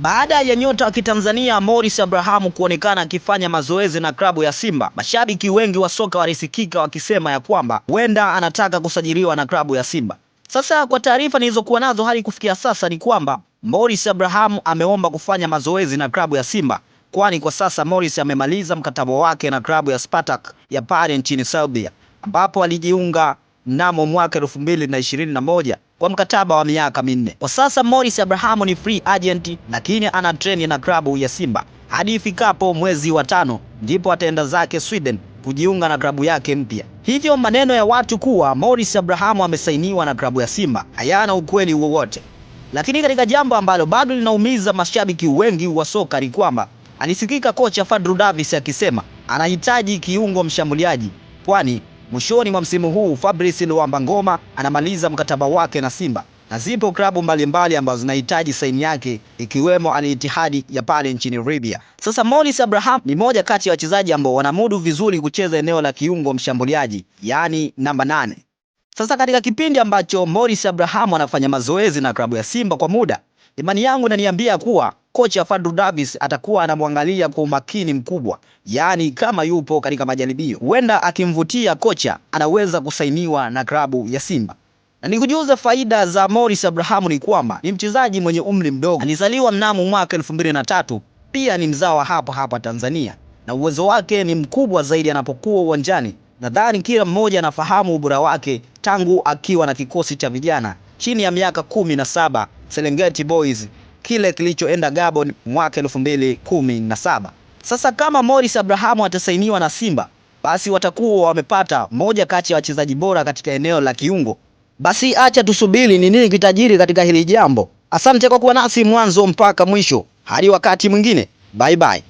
Baada ya nyota wa Kitanzania Morris Abrahamu kuonekana akifanya mazoezi na klabu ya Simba, mashabiki wengi wa soka walisikika wakisema ya kwamba huenda anataka kusajiliwa na klabu ya Simba. Sasa kwa taarifa nilizokuwa nazo hadi kufikia sasa ni kwamba Morris Abrahamu ameomba kufanya mazoezi na klabu ya Simba, kwani kwa sasa Morris amemaliza mkataba wake na klabu ya Spartak ya pale nchini Serbia ambapo alijiunga mnamo mwaka 2021 kwa mkataba wa miaka minne. Kwa sasa Morris Abrahamu ni free agent, lakini ana treni na klabu ya Simba hadi ifikapo mwezi wa tano, ndipo ataenda zake Sweden kujiunga na klabu yake mpya. Hivyo maneno ya watu kuwa Morris Abrahamu amesainiwa na klabu ya Simba hayana ukweli wowote. Lakini katika jambo ambalo bado linaumiza mashabiki wengi wa soka ni kwamba alisikika kocha fadru Davis akisema anahitaji kiungo mshambuliaji, kwani Mwishoni mwa msimu huu Fabrice Luamba Ngoma anamaliza mkataba wake na Simba na zipo klabu mbalimbali ambazo zinahitaji saini yake ikiwemo Al ittihadi ya pale nchini Libya. Sasa Morris Abraham ni moja kati ya wachezaji ambao wanamudu vizuri kucheza eneo la kiungo mshambuliaji, yaani namba nane. Sasa katika kipindi ambacho Morris Abraham anafanya mazoezi na klabu ya Simba kwa muda, imani yangu inaniambia kuwa kocha Fadlu Davis atakuwa anamwangalia kwa umakini mkubwa, yaani kama yupo katika majaribio, huenda akimvutia kocha anaweza kusainiwa na klabu ya Simba. Na nikujuza faida za Morris Abraham ni kwamba ni mchezaji mwenye umri mdogo, alizaliwa mnamo mwaka 2003, pia ni mzawa hapa hapa Tanzania, na uwezo wake ni mkubwa zaidi anapokuwa uwanjani. Nadhani kila mmoja anafahamu ubora wake tangu akiwa na kikosi cha vijana chini ya miaka kumi na saba Serengeti Boys kile kilichoenda Gabon mwaka 2017. Sasa kama Morris Abrahamu atasainiwa na Simba, basi watakuwa wamepata moja kati ya wachezaji bora katika eneo la kiungo. Basi acha tusubiri ni nini kitajiri katika hili jambo. Asante kwa kuwa nasi mwanzo mpaka mwisho. Hadi wakati mwingine, bye bye.